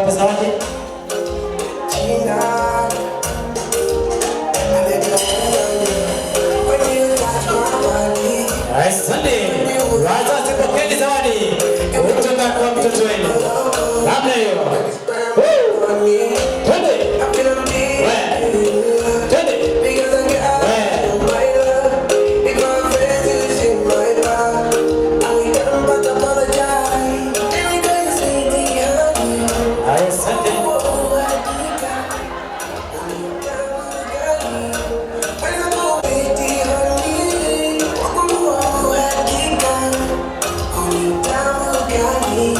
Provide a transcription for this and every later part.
Kwa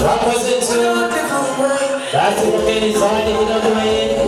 represents a different way. That's what they decided, you do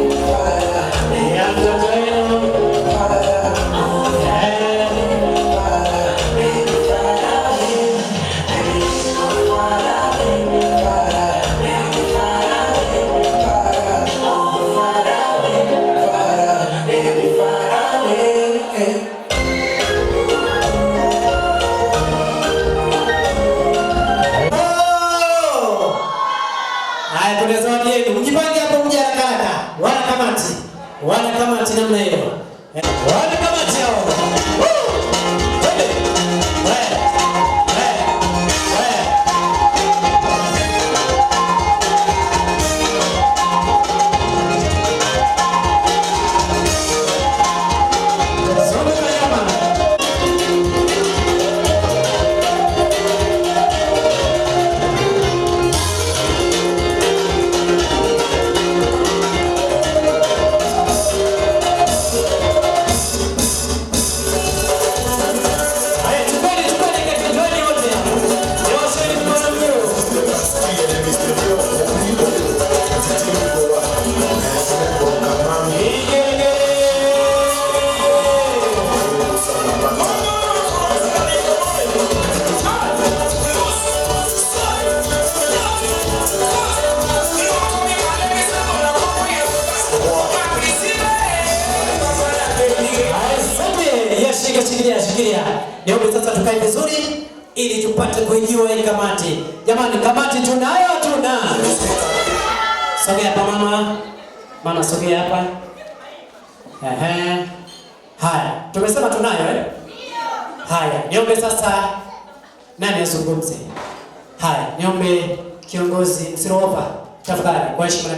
kamati, wanakamati namna hiyo, eh, wanakamati hao hiyo shikilia, shikilia. Niombe sasa tukae vizuri ili tupate kuijua ile kamati. Jamani, kamati tunayo, tuna sogea hapa mama, mama sogea hapa. Ehe, haya tumesema tunayo eh? Haya, niombe sasa nani azungumze? Haya, niombe kiongozi Sirova. tafadhali kwa heshima.